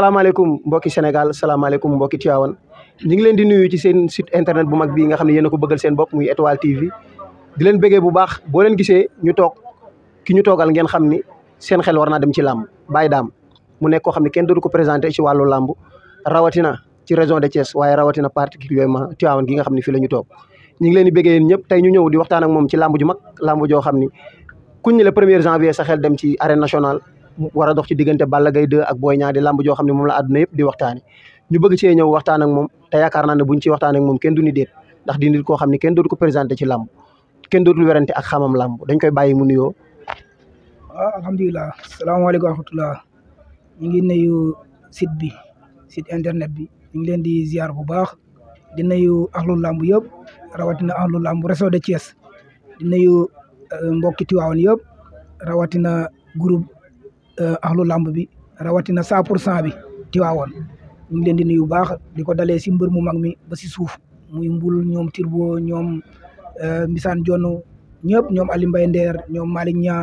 alaikum mbokki Sénégal alaikum mbokki Tivaouane ñi ngi leen di nuyu ci seen site internet bu mag bi nga xam yeen ko bëggal seen bopp muy étoile TV di leen bëggé bu baax bo leen gisé ñu tok ki ñu togal ngeen xamni seen xel warna dem ci lamb Baye dam mu nekk ko xamni kenn dootu ko présenter ci walu lamb rawatina ci région de Thiès waye rawatina particulièrement Tivaouane gi nga xamni fi lañu tok ñi ngi leen di bëggé yeen ñëpp tay ñu ñëw di waxtaan ak mom ci lamb ju mag lamb jo xamni kuñ ne le premier janvier sa xel dem ci arène nationale war a dox ci diggante bala gay 2 ak Boy Niang di lamb joo xam ne moom la àdduna yëpp di waxtaani ñu bëgg cee ñëw waxtaan ak moom te yaakaar na ne buñ ci waxtaan ak moom kenn du ni déet ndax di koo xam ne kenn dootu ko présenté ci lamb kenn dootul werante ak xamam lamb dañ koy bàyyi mu nuyoo. waaw ah, alhamdulilah salaamaaleykum wa rahmatulah ñu ngi nuyu site bi site internet bi ñu ngi leen di ziar bu baax di nuyu axlu lamb yëpp rawatina axlu lamb réseau de Thiès di nuyu euh, mbokki Tiwaawan yëpp rawatina groupe. Eh, ahlu lamb bi rawatina cent pour bi tiwawon ñu leen di nuyu baax di dalé ci mbeur mu mag mi ba ci suuf muy mbul tirbo ñom euh Mbisaan Jonn ñepp ñom Ali mbay Ndeer ñom malik nya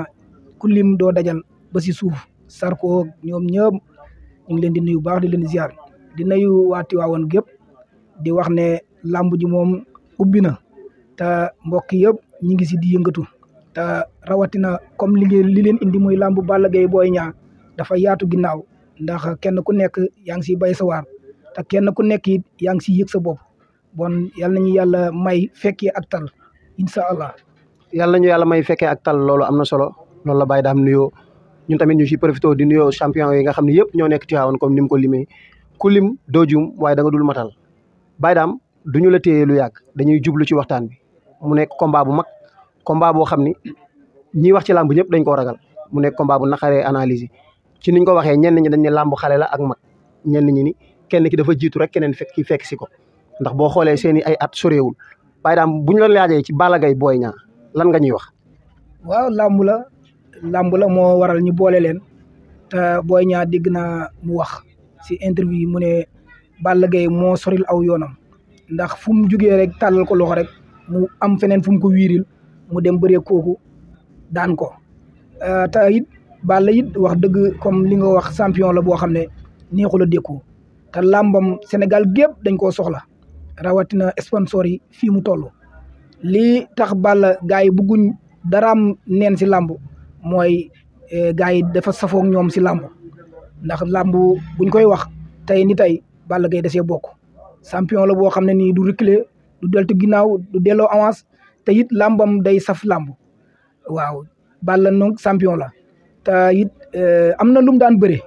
kulim do dajal ba ci suuf Sarko ñom ñepp ñu leen di nuyu baax di leen ziar di nuyu wa tiwawon gep di wax ne lamb ji mom ubbina ta mbokk yeb ñi ngi ci di yëngatu te rawatina comme liggéey li leen indi muy làmb Balla Gaye Boy Niang dafa yaatu ginnaaw ndax kenn ku nekk yaa ngi siy bay sa waar te kenn ku nekk it yaa ngi siy yëg sa bopp bon na ñu yàlla may fekkee ak tal incha allah. yal nañu yàlla may fekkee ak tal loolu am na solo loolu la Baye Dame nuyoo ñun tamit ñu si profité di nuyoo champion yi nga xam ne yëpp ñoo nekk Tivaouane comme ni mu ko limee ku lim doo juum waaye da dul matal Baye Dame du ñu la téye lu yàgg dañuy jublu ci waxtaan bi nekk combat bu mag. combat hamni xamni ñi wax ci lamb ñep dañ ko ragal mu nek combat bu naqaree analyse ci niñ ko waxee ñen ñi dañ ni lamb xalé la ak mag ñen ñi ni kenn ki dafa jitu rek kenen fek ki fek ci ko ndax bo xolé seeni ay at soreewul waaye dam bu la laaje ci balagay Boy lan nga ñuy wax. waaw lamb la lamb la mo waral ñu boole len ta Boy Niang dégg na mu wax si interview mu ne balagay mo soril aw yonam ndax fum mu rek talal ko loxo rek mu am fenen fum ko wiril mu dem bëree kooku daan ko euh, te it Balla it wax dëgg comme li nga wax champion la boo xam ne neexu la dékku te làmbam Sénégal gépp dañ koo soxla rawatina sponsor yi fii mu toll lii tax Balla gars yi bëgguñ daraam neen si làmb mooy euh, gars yi dafa safoog ñoom si làmb ndax làmb buñ koy wax tey ni tey bala Gaye dasee bokk champion la boo ne nii du reculer du deltu ginnaaw du delloo avance te it lambam day saf lamb waaw Balla non champion la te it eh, am lum daan ci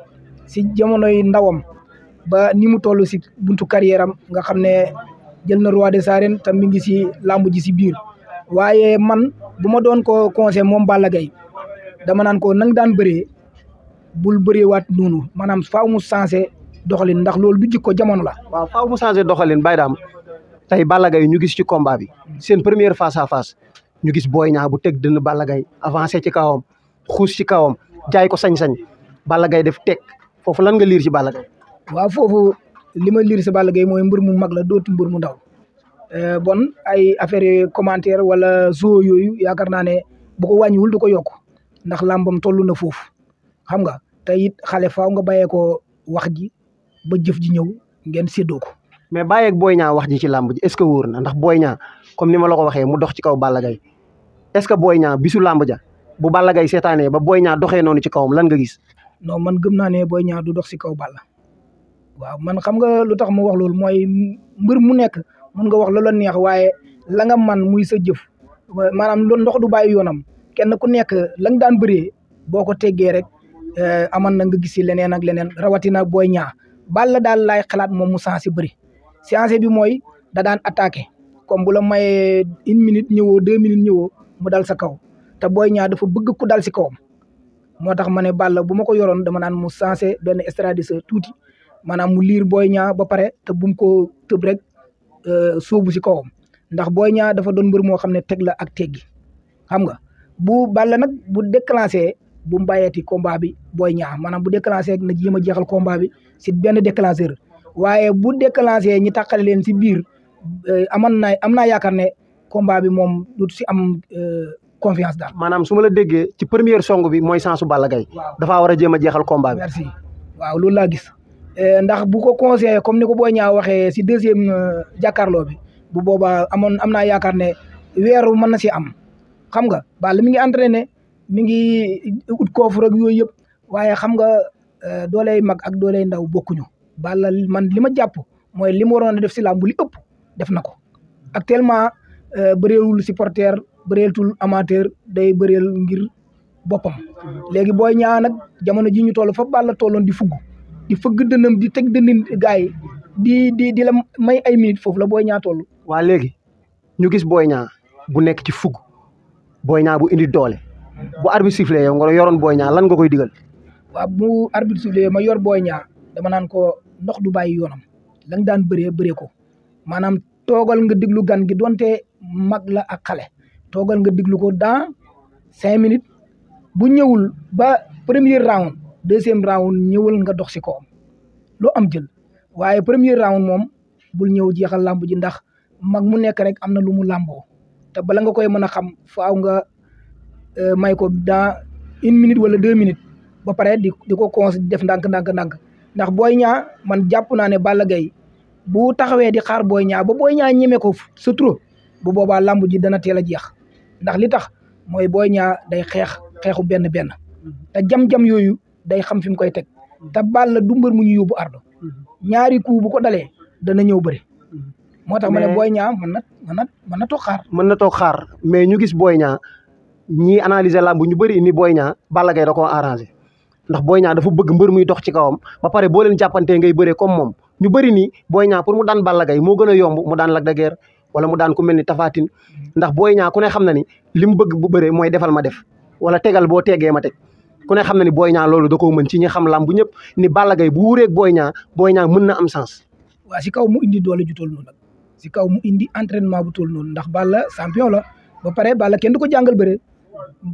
si yi ndawam ba ni mu tollu ci buntu carrière am nga xamné jël na roi de saren ta mi ngi ci lamb ji ci biir waye man buma donko ko conseil mom Balla gay dama nan ko nang daan beure bul beure wat nunu Manam faaw mu sensé doxalin ndax lolou du jikko jamono la waaw faaw mu sensé doxalin baydam tay Balla Gaye ñu gis ci combat bi seen première face à face ñu gis Boy ñaa bu tek dënn Balla Gaye avancer ci kawam xuus ci kawam jaay ko sañ-sañ Balla Gaye def tek fofu lan nga lire ci Balla Gaye waaw foofu li ma liir si Balla Gaye mooy mbër mu mag la dootu mbir mu ndaw eh, bon ay affaire commentaire wala zoo yoyu yaakar naane bu ko wàññiwul du ko yok ndax lambam tollu na fofu xam nga tayit faaw nga bàyyee ko wax ji ba jëf ji ñew ngeen mais baye ak Niang wax ji ci lamb ji est ce que ndax Boy comme nima lako waxe mu dox ci kaw Balla Gaye est ce que bisu lamb ja bu Balla Gaye seetaanee ba Boy doxé non ci kawam lan nga gis. non man gëm naa ne Boy du dox ci kaw Balla waaw man xam nga lutax waklul, mu wax lool moy mbir mu nek mun nga wax la neex waye la nga man muy sa jëf manam loolu ndox du baye yonam kenn ku nek la nga daan bëré boko téggé rek eh, aman na nga gis lenen ak lenen rawatina Boy Balla dal lay xalat moom mu sansi si bëri. changé bi mooy da daan attaqué comme bu la mayee une minute ñëwoo deux minutes ñëwoo mu dal sa kaw te Boy Niang dafa bëgg ku dal si kawam moo tax ma ne Balla bu ma ko yoroon dama naan mu changé benn stratégie tuuti maanaam mu liir Boy Niang ba pare te bu koo tëb rek euh, sóobu si kawam ndax Boy Niang dafa doon mbër moo xam ne teg la ak teggi xam nga bu Balla nag bu déclenché bu mu bàyyeeti combat bi Boy Niang maanaam bu déclenché na jéem a jeexal combat bi si benn déclencheur waaye bu déclenché ñi tàqale leen si biir euh, amoon na am naa yaakaar ne combat bi moom du si am euh, confiance daal. maanaam su ma la déggee ci première song bi mooy sensu Balla Gaye. waaw dafaa war a jéem a jeexal combat bi. waaw loolu laa gis euh, ndax bu ko conseillé comme ni ko Boy Niang waxee si deuxième jàkkaarloo bi bu boobaa amoon am naa yaakaar ne weeru mën na si am xam nga Balla mi ngi entraîné mi ngi ut koofu rek yooyu yëpp waaye xam nga dooley mag ak doole dooley ndaw bokkuñu. Bala man lima japp moy lima orang def ci lambu li upp def na ko euh, supporter bëreeltul amateur day bëreel ngir bopam léegi boyanya ñaan nak jamono ji ñu tollu fa Balla tollon di fugu, di fugu deñum di tek dëndin di di di la may ay minute fofu la boy ñaan tollu wa léegi ñu gis boy ñaan bu nekk ci fugu boy ñaan bu indi doole bu arbitre sifflé yow nga yoron boy ñaan lan nga koy digal. wa bu arbitre sifflé ma yor boy ñaan dama nan ko ndox du bàyyi yoonam la nga daan bëree bëree ko maanaam toogal nga diglu gan gi donte mag la ak xale toogal nga diglu ko dans cinq minutes bu ñëwul ba premier round deuxième round ñëwal nga dox si amjil, loo am jël waaye premier round moom bul ñëw jeexal lamb ji ndax mag mu nekk rek am na lu mu làmboo te bala nga koy mën a xam faaw nga euh, may ko dans une minute wala deux minutes ba pare di di ko cons def ndànk ndànk ndànk ndax Boy Niang man jàpp naa ne Balla Gaye bu taxawee di xaar Boy Niang ba Boy Niang ñeme ko c'est trop bu boobaa lamb ji dana teel a jeex ndax li tax mooy Boy Niang day xeex xeexu benn benn te jam-jam yooyu day xam fi koy teg te Balla du mbër mu ñu yóbbu ardo ñaari coup bu ko dalee dana ñëw bëri. moo tax ma ne Boy Niang mën na mën na mën na toog xaar. mën na toog xaar mais ñu gis Boy Niang ñii analyser lamb ñu bëri ni Boy Niang Balla Gaye da koo arrangé. ndax Boy Niang dafa bëgg mbër muy dox ci kawam ba pare boo leen jàppantee ngay bëree comme moom ñu bëri nii Boy Niang pour mu daan Balla Gaye moo gën a yomb mu daan Lac de wala mu daan ku mel ni Tapha ndax Boy Niang ku ne xam na ni li mu bëgg bu bëree mooy defal ma def wala tegal boo tegee ma teg ku ne xam na ni Boy Niang loolu da koo mën ci ñi xam làmb bu ñëpp ni Balla Gaye bu wuureeg Boy Niang Boy mën na am sens waaw si kaw mu indi doole ju toll noonu nag si kaw mu indi entraînement bu toll noonu ndax Balla champion la ba pare Balla kenn du ko jàngal bëre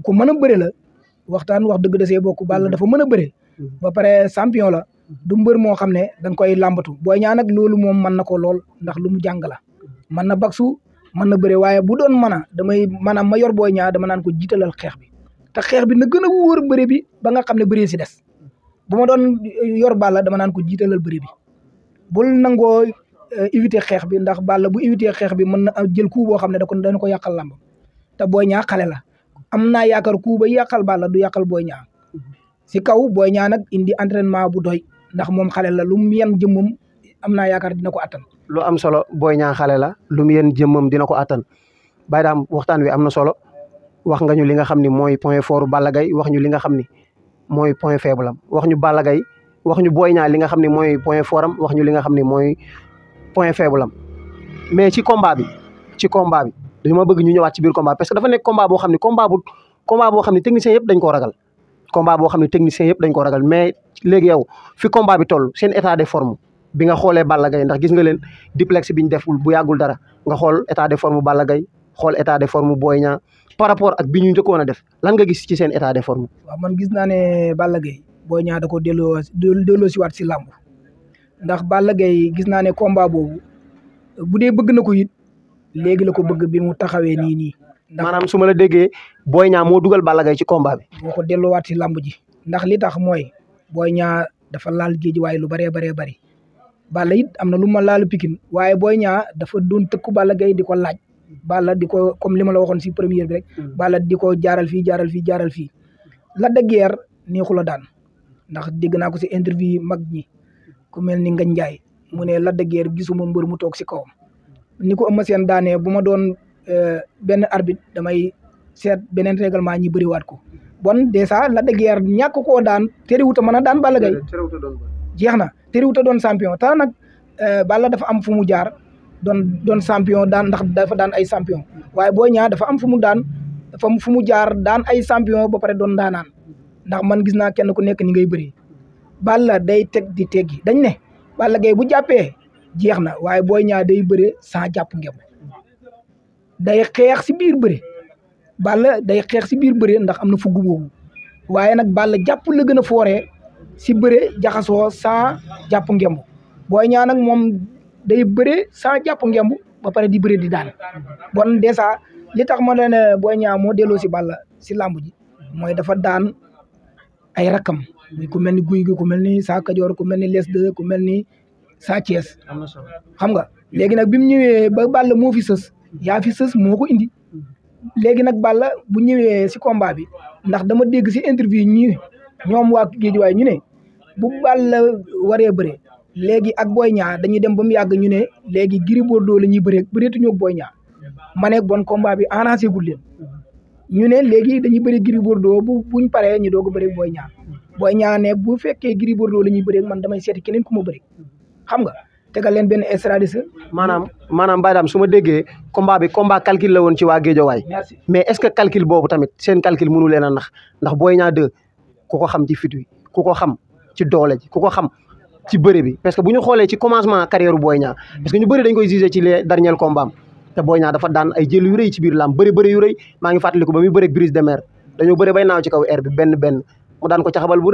ku mën a bëre la waxtaan wax deug da bokku bokk Balla mhm. dafa mën a mhm. ba pare champion la mhm. du mbeur mo xam dang da koy lambatu Boy ñaan nag lolu mom man nako lol ndax lu mu jang la man na baksu man na bëre waye bu doon mën damay manam ma yor Boy ñaa dama nan ko jitalal xex bi ta xex bi na gëna a wóor bi ba nga xam ne ci dess doon yor Balla dama nan ko jitalal bëre bi bul nango euh, éviter xex bi ndax Balla bu éviter xex bi man na euh, jël coup bo xam da ko dañ ko yakal lamb ta Boy ñaa xalé la am naa yaakaar ku ba yàqal Balla du yàqal booy Niang si kaw booy Niang nag indi entraînement bu doy ndax moom xale la lu mu yan jëmmam am naa yaakaar dina ko attan. lu am solo booy Niang xale la lu mu yan dina ko attan Baye Dame waxtaan wi am na solo wax nga ñu li nga xam ni mooy point fort Balla Gaye wax ñu li nga xam ni mooy point faible wax ñu Balla Gaye wax ñu Boy Niang li nga xam ni mooy point fort wax ñu li nga xam ni mooy point faible mais ci combat ci combat dama bëgg ñu ñëwaat ci biir combat parce que dafa nek combat bo xamni combat bu combat bo xamni technicien yëpp dañ ko ragal combat bo xamni technicien yëpp dañ ko ragal mais légui yow fi combat bi toll seen état de forme bi nga xolé Balla gay ndax gis nga len duplex biñ deful bu yagul dara nga xol état de forme Balla gay xol état de forme boyña par rapport ak biñu ñëk njëkkoon def lan nga gis ci seen état de forme. wa man gis na né Balla gay boyña da ko delo delo si wat ci lamb ndax Balla gay gis na né combat bobu budé bëgg na ko légui lako bëgg bi mu taxawé ni ni manam suma la déggé Boy Niang mo duggal Balla Gaye ci combat bi. boko déllu wat ci lamb ji ndax li tax moy Boy nya dafa laal géej way lu bëree bëree bëri Balla it amna na lu ma laalu Pikine waye Boy Niang dafa doon tekk Balla Gaye diko laaj Balla diko comme lima la waxon ci premier bi rek. Hmm. Balla diko jaaral fi jaaral fi jaaral fi la de guerre neexu la daan ndax na ko si interview mag ñi ku melni nga Ngagne mune la de guerre gisuma mbeur mu tok si kawam. ni ko Eumeu daanee bu ma doon euh, benn arbitre damay seet beneen règlement ñi bëriwaat ko bon dèjà Lac de Guiers ñàkk koo daan tëriwut a mën a daan Balla Gaye jeex na tëriwut doon champion te nag euh, Balla dafa am fu mu jaar doon doon champion daan dafa daan ay champion waaye boo Niang dafa am fu mu daan dafa fu mu jaar daan ay champion ba pare doon daanaan ndax man gis naa kenn ku nekk ni ngay bëri Balla day teg di teggi dañ ne Balla Gaye bu jàppee jeexna waye Boy ñaa day beure sans japp ngeum day xex si bir beure Balla day xex si bir beure ndax amna fugu fugg waye nak Balla japp la gëna foré ci si jaxaso jaxasoo sans jàpp Boy ñaa nak mom day beure sans japp ngeum ba paré di beure di daan bon déssa li tax mo leen Boy ñaa mo délo si Balla si lamb ji moy dafa daan ay rakam muy ku melni guuy gu ku melni Sa ku melni Les Deux ku melni Sa Thiès xam nga léegi nag bi mu ñëwee ba Balla moo fi sës yaa fi sës moo ko indi léegi nag Balla bu ñëwee si combat bi ndax dama dégg si interview ñi ñoom waa Géejawaay ñu ne bu Balla waree bëree léegi ak Boy Niang dañuy dem ba mu yàgg ñu ne léegi boor Bordeaux la ñuy bëree bëreetuñu ak Boy Niang ma ne bon combat bi arrangé gul ñu ne léegi dañuy bëri Gris Bordeaux bu buñ paree ñu doog a bëri Boy ñaa Boy Niang ne bu fekkee Gris Bordeaux la ñuy bëree man damay seeti keneen ku ma bëri xam nga tegal leen benn extradition. maanaam maanaam Mbaye Dame su ma déggee combat bi combat calcul la woon ci waa Géejawaay. mais est ce que calcul boobu tamit seen calcul mënu leen a nax ndax Boy Niang 2 ko xam ci fit ku ko xam ci doole ku ko xam ci bëre bi. parce que bu ñu xoolee ci commencement carrière Boy Niang parce que ñu bëri dañ koy jugé ci les derniers combats am te Boy Niang dafa daan ay jël yu ci biir làmb bëri bëri yu maa ngi fàttaliku ba muy bëre brise de mer dañoo bëri bay naaw ci kaw air benn benn mu ko caxabal bu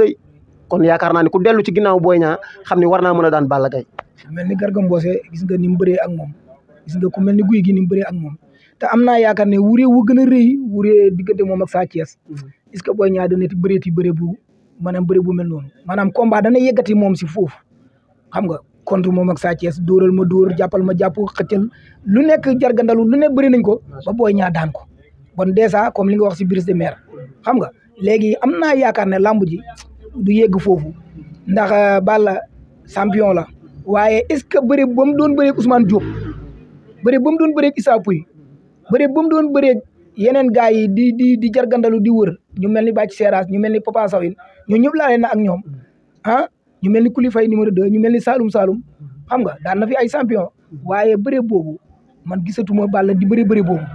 kon yaakaar naa ne ku dellu ci ginnaaw Boy Niang xam ne war naa mën a daan Balla Gaye mel ni Garga Mbossé gis ga ni mu bëree ak moom gis nga ku mel ni guy gi ni mu bëree ak moom te am naa yaakaar ne wuree wu gën a rëy wuree diggante moom ak Sa Thiès mm-hmm. est booy que Boy Niang dana ti bëreeti bëre bu maanaam bëre bu mel noonu maanaam combat dana yëkkati moom si foofu xam nga contre moom ak Sa Thiès dóoral ma dóor jàppal ma jàpp xëccal lu nekk jargandalu lu nekk bëri nañ ko ba booy Niang daan ko bon dèjà comme li nga wax si brise de mer xam nga léegi am naa yaakaar ne lamb ji du yegg fofu ndax euh, Balla champion la waaye est ce beure bam doon beure Ousmane Diop beure bam doon beure Issa Pouy beure bam doon beure yenen gaay di di di jargandalu di wër ñu melni Bac Seras ñu melni Papa Sow ñu ñoo ñëpp laale na ak ñom han ah, ñu melni ni numéro 2 ñu melni Saloum xam nga na fi ay champion waaye beure bobu man gisatuma Balla di beure beure bobu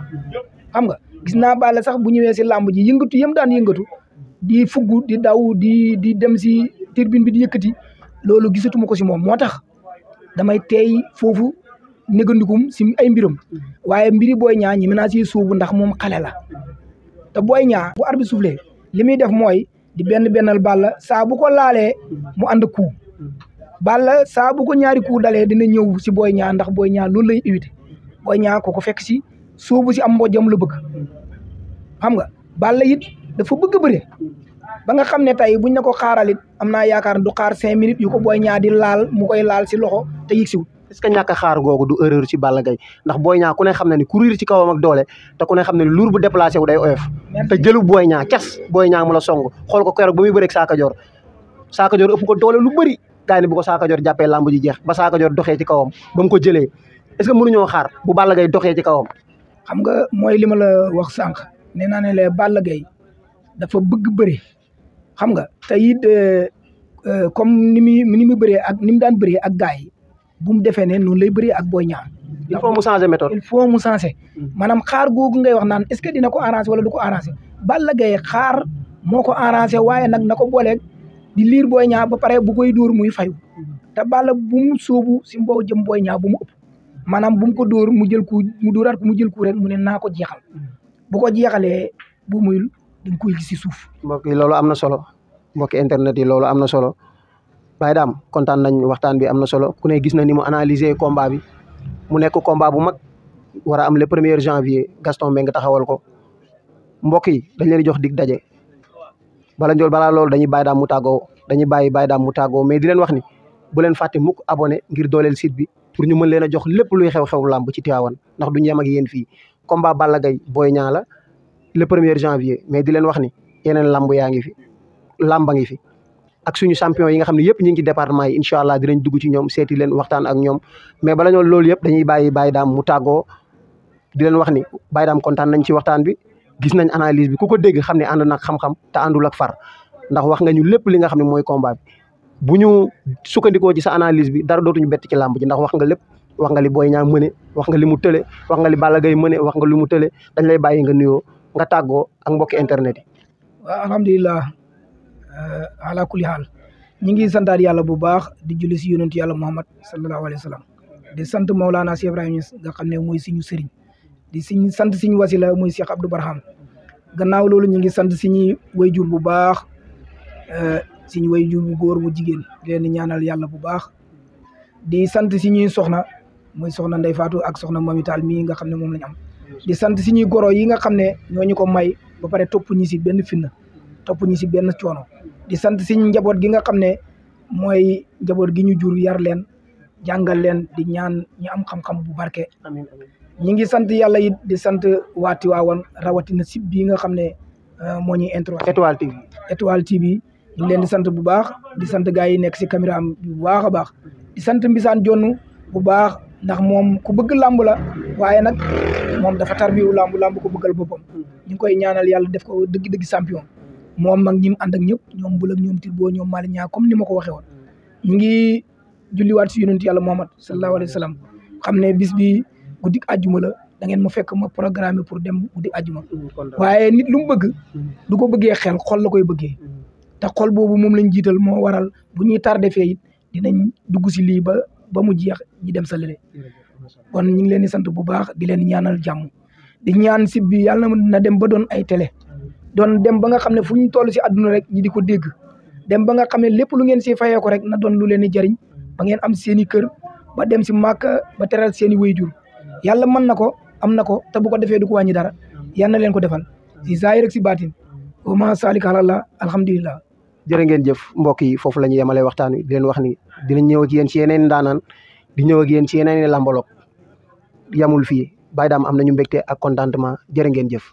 xam nga gis naa Balla sax bu ñewé ci lamb ji yëngatu yëm daan yëngatu di fugg di daw di di dem si turbine bi di yëkkati loolu gisatuma ko si moom moo tax damay teey foofu négandikum si ay mbiram waaye mbiri booy ñaa ñi mën naa si suubu ndax moom xale la te booy ñaa bu arbitre bi soufflé li muy def mooy di benn bennal Balla saa bu ko laalee mu ànd ku Balla saa bu ko ñaari coup dalee dina ñëw si booy ñaa ndax booy ñaa loolu lay éviter booy ñaa ko ko fekk si suubu si am mbojam la bëgg nga Balla it dafa bëgg bëre ba nga xamne tay buñ ne ko xaaralit am naa du xaar 5 minutes yu ko Boy Niang di laal mu koy laal si loxo te yiksi wu est-ce ñaka xaar gogu du erreur ci Balla gay ndax Boy Niang ku ne xamne ni courir ci kawam ak doole te ku ne xamne lour bu déplacer wu day oef te jëlu Boy Niang Boy mu la song xol ko keroog ba muy ak Saaka jor Saaka jor ëpp ko doole lu bëri gaay ni bu ko Saaka jor jappé lamb ji jeex ba Saaka jor doxé ci kawam bam ko jëlé est-ce mënu ñoo xaar bu Balla gay doxé ci kawam xam nga moy lima la wax sank ne le Balla gay dafa bëgg bëri xam nga te it euh, euh, comme ni muy ni mu bëree ak ni mu daan bëree ak gars yi bu mu defee ne noonu lay bëree ak Boy Niang. il faut mu changer méthode. il faut mu changer. Mm. maanaam xaar googu ngay wax naan est-ce que dina ko arranger wala du ko arranger. Balla Gaye xaar moo ko arranger waaye nag na ko booleeg di liir Boy Niang ba pare bu koy dóor muy fayu te Balla bu mu sóobu si mboo jëm Boy Niang bu mu ëpp maanaam bu mu ko dóor mu jël ku mu dóoraat mu jël ku rek mu ne naa ko jeexal mm. bu ko jeexalee bu muyul dañ koy gis si suuf. mbokk loolu am na solo mbokk internet yi loolu am na solo Baye Dame kontaan nañ waxtaan bi am na solo ku ne gis na ni mu analyser combat bi mu nekk combat bu mag war a am le premier janvier Gaston nga taxawal ko mbokk yi dañ leen jox dig daje bala njool balaa lool dañuy Baye Dame mu tàggoo dañuy bàyyi bay Dame mu tàggoo mais di leen wax ni bu leen fàtte mukk abonné ngir doolel site bi pour ñu mën leen a jox lépp luy xew-xew bu ci Tivaouane ndax duñ yem ak yéen fii combat Balla Gaye Boy la le premier janvier mais di leen wax ni yeneen lamb yaa ngi fi lamba ngi fi ak suñu champion yi nga xam ne yëpp ñu ngi ci département yi incha allah dinañ dugg ci ñoom seeti leen waxtaan ak ñoom mais bala ñoo loolu yëpp dañuy bàyyi bàyyi daam mu tàggoo di leen wax ni bàyyi daam kontaan nañ ci waxtaan bi gis nañ analyse bi ku ko dégg xam ne ànd nag xam-xam te àndul ak far ndax wax nga ñu lépp li nga xam ne mooy combat bi bu ñu sukkandikoo ci sa analyse bi dara dootuñu bett ci làmb ji ndax wax nga wax nga li Boy Niang mëne wax nga li mu tële wax nga li Balla Gaye mëne wax nga li mu tële dañ lay bàyyi nga nuyoo nga tago ak mbokki internet yi. alhamdulillah alhamdulilah eh, ala kulli hal ñi ngi santaat yalla bu baax di julli ci yonent yalla Muhammad sallallahu alaihi wasallam di sant Maulana Cheikh ibrahim nga xamne moy siñu di siñu sant siñu wasila moy Cheikh Abdou Barham gannaaw lolu ñi ngi sant siñu wayjur bu baax eh, siñu wayjur bu goor bu jigen leen ñaanal yalla bu baax di sant siñu soxna moy soxna Ndey fatou ak soxna momital mi nga xamne mom lañ am. di sant suñuy goro yi nga xam ne ñoo ñu ko may ba pare topp ñu si benn fitna topp si benn coono di sant suñu njaboot gi nga xam ne mooy njaboot gi ñu jur yar leen jàngal leen di ñaan ñu am xam bu barke. amiin ngi sant yàlla it di sant waa Tiwaawan rawatina sib bii nga xam ne euh, moo ñuy intro. Étoile TV Étoile TV leen di sant bu baax di sant gars yi nekk si caméra am bu baax a baax di sant Mbisaan Jonn bu baax ndax moom ku bëgg làmb la waaye nag. mom dafa wu lamb lamb ko bëggal bopam mm-hmm. ñu koy ñaanal yalla def ko deug deug champion mom mag ñim and ak ñep ñom bu lak ñom ñoom bo ñom mari ñaa comme nima ko waxe won mm-hmm. ñu ngi julliwaat ci yunus yalla Muhammad sallallahu Alaihi Wasallam. xamne ne bis bi guddik aljuma la da ngeen ma fekk ma programme pour dem guddik aljuma mm-hmm. waye nit lu mu bëgg du ko bëgge xel xol la koy bëgge ta xol bobu mom lañ jital mo waral bu ñuy tardé fe it dinañ dugg ci li ba ba mu jeex ñi dem sa kon ñu ngi leen di sant bu baax di leen ñaanal jàmm di ñaan sib bi yàlla na dem ba doon ay télé doon dem ba nga xam ne fu ñu toll si àdduna rek ñi di ko dégg dem ba nga xam ne lu ngeen si fayee ko rek na doon lu leen di jariñ ba ngeen am seen i kër ba dem si màkk ba teral seen i wayjur yàlla mën na ko am na ko te bu ko defee du ko wàññi dara yal leen ko defal si zaahir rek si baatin wa ma alhamdulillah jërë ngeen jëf mbokk yi foofu la ñu waxtaan di leen wax ni dinañ ñëw ak yéen si yeneen di ñëw ak yéen ci yeneen i làmbolog yamul fii Baye Dame am nañu mbégte ak contentement jërë ngeen jëf